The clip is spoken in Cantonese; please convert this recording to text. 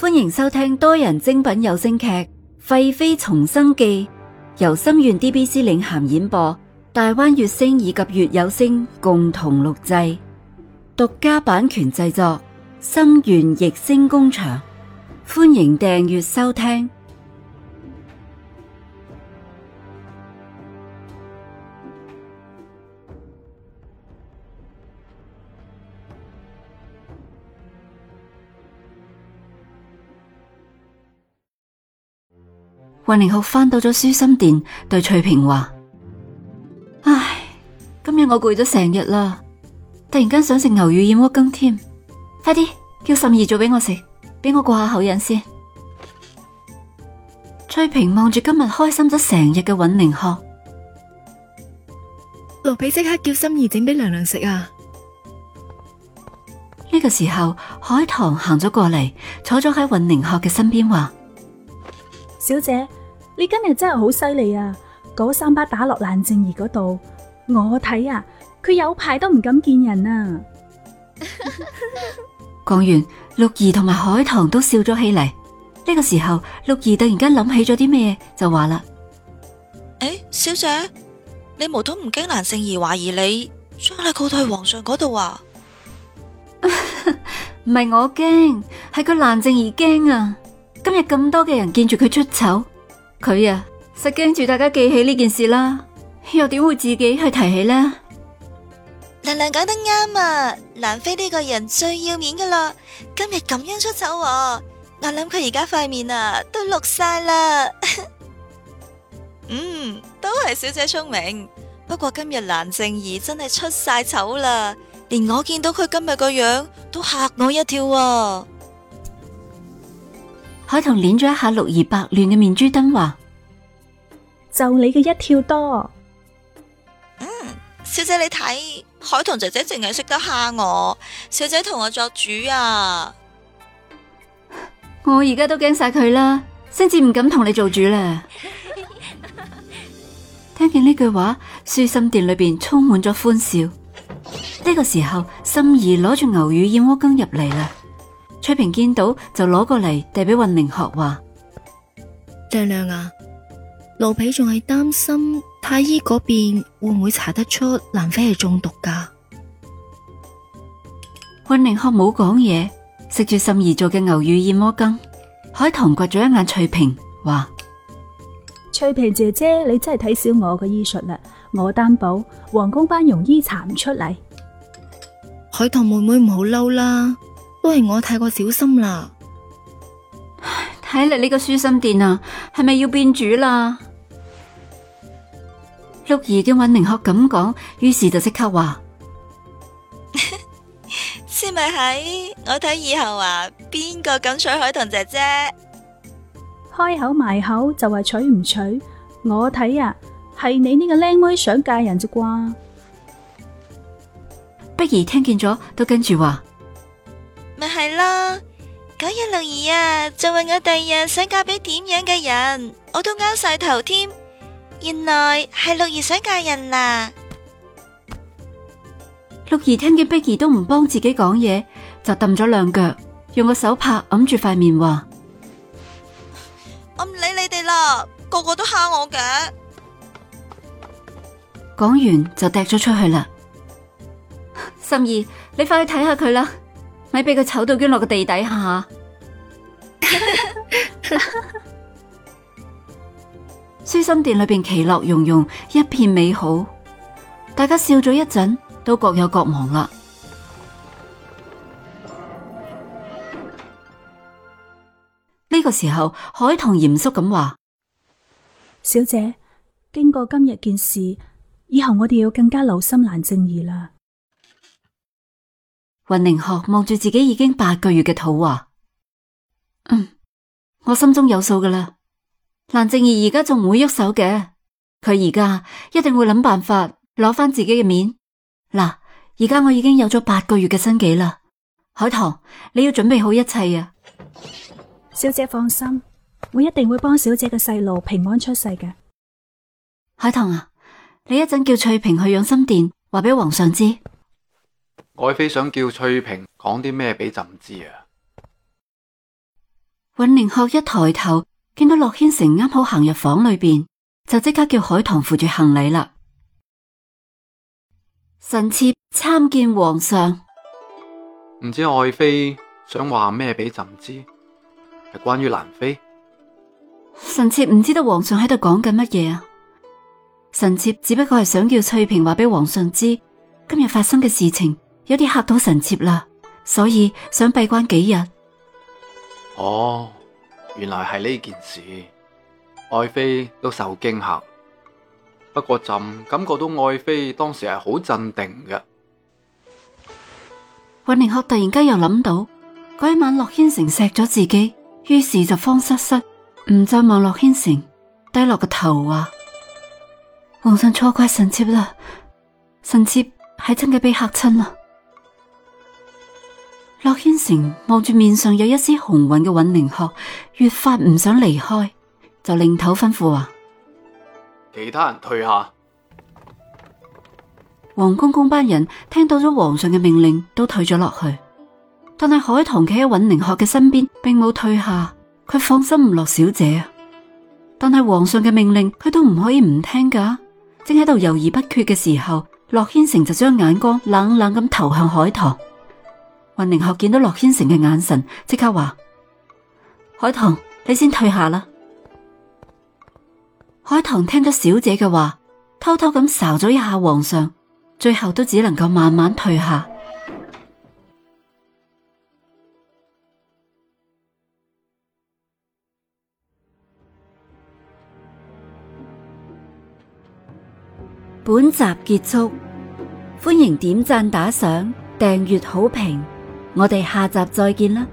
歡迎收聽多人精品有聲劇《廢妃重生記》，由心願 DBC 領銜演播，大灣月星以及月有聲共同錄製，獨家版權製作，心願逸聲工場。歡迎訂閱收聽。尹寧學翻到咗舒心殿，對翠平話：，唉，今日我攰咗成日啦，突然間想食牛乳燕窩羹，添，快啲叫， 叫心兒做俾我食，俾我過下口癮先。翠平望住今日開心咗成日嘅尹寧學，奴婢即刻叫心兒整俾娘娘食啊！呢個時候，海棠行咗過嚟，坐咗喺尹寧學嘅身邊話。小姐，你今日真係好犀利啊！嗰三巴打落蘭靜兒嗰度，我睇啊，佢有排都唔敢見人啊！講 完，六兒同埋海棠都笑咗起嚟。呢、呢個時候，六兒突然間諗起咗啲咩，就話啦：，誒，小姐，你無端唔驚蘭靜兒懷疑你將你告退皇上嗰度啊？唔係 我驚，係佢蘭靜兒驚啊！今日咁多嘅人見住佢出醜，佢啊實驚住大家記起呢件事啦，又點會自己去提起呢？娘娘講得啱啊，蘭妃呢個人最要面噶啦，今日咁樣出醜啊，我諗佢而家塊面啊都綠晒啦。 嗯，都係小姐聰明，不過今日蘭靜儀真係出晒醜啦，連我見到佢今日個樣都嚇我一跳啊！海棠捻咗一下六兒白嫩嘅面珠燈話：就你嘅一跳多，嗯，小姐你睇，海棠姐姐淨係識得吓我，小姐同我作主啊！我而家都驚晒佢啦，先至唔敢同你做主啦。 聽見呢句話，舒心殿裏邊充滿咗歡笑。呢、這個時候，心怡攞住牛乳燕窩羹入嚟啦。翠平見到就攞過嚟遞俾運玲鶴話：娘娘啊，奴婢仲係擔心太醫嗰邊會唔會查得出蘭妃係中毒噶？運玲鶴冇講嘢，食住心怡做嘅牛乳燕窩羹。海棠掘咗一眼翠平，話：翠平姐姐，你真係睇小我嘅醫術啦！我擔保，皇宮班容醫查唔出嚟。海棠妹妹唔好嬲啦。都係我太過小心啦，睇嚟，呢個舒心殿啊，係咪要變主啦？鹿兒嘅尹明學咁講，於是就即刻話：先咪係，我睇以後啊，邊個敢娶海棠姐姐？開口埋口就話娶唔娶？我睇啊，係你呢個靚妹想嫁人咋啩？碧兒聽見咗都跟住話。啦，今日六兒啊，就問我第二日想嫁俾點樣嘅人，我都啱晒頭添。原來係六兒想嫁人啦，啊。六兒聽見碧兒都唔幫自己講嘢，就揼咗兩腳，用個手帕揞住塊面話：我唔理你哋啦，個個都蝦我嘅。講完就踢咗出去啦。心 兒，你快去睇下佢啦。咪俾佢醜到捐落個地底下。舒 心殿裏邊其樂融融，一片美好。大家笑咗一陣，都各有各忙啦。呢 個時候，海棠嚴肅咁話：小姐，經過今日件事，以後我哋要更加留心蘭正怡啦。雲寧鶴望住自己已經八個月嘅肚，話：嗯，我心中有數噶啦。蘭靜儀而家仲唔會喐手嘅，佢而家一定會諗辦法攞返自己嘅面。嗱，而家我已經有咗八個月嘅身紀啦，海棠，你要準備好一切啊。小姐放心，我一定會幫小姐嘅細路平安出世嘅。海棠啊，你一陣叫翠萍去養心殿，話俾皇上知。愛妃想叫翠平講啲咩俾朕知啊？尹寧鶴一抬頭見到駱軒成啱好行入房裏邊，就即刻叫海棠扶住行禮啦。臣妾參見皇上。唔知愛妃想話咩俾朕知，係關於蘭妃？臣妾唔知道皇上喺度講緊乜嘢啊？臣妾只不過係想叫翠平話俾皇上知今日發生嘅事情。有啲吓到臣妾啦，所以想閉關幾日。哦，原來係呢件事，愛妃都受驚嚇。不過朕感覺到愛妃當時係好鎮定嘅。尹寧鶴突然間又諗到嗰一晚洛軒城錫咗自己，於是就慌失失，唔再望洛軒城，低落個頭話、啊：皇上錯怪臣妾啦，臣妾係真嘅被嚇親啦。洛軒成望住面上有一絲紅暈嘅尹寧學，越發唔想離開，就擰頭吩咐話：其他人退下。王公公班人聽到咗皇上嘅命令，都退咗落去。但係海棠企喺尹寧學嘅身邊，並冇退下。佢放心唔落小姐啊！但係皇上嘅命令，佢都唔可以唔聽噶。正喺度猶豫不決嘅時候，洛軒成就將眼光冷冷咁投向海棠。寧學見到洛軒成嘅眼神，即刻話：海棠，你先退下啦。海棠聽咗小姐嘅話，偷偷咁勺咗一下皇上，最後都只能夠慢慢退下。本集結束，歡迎點讚、打賞、訂閱、好評。我哋下集再見啦！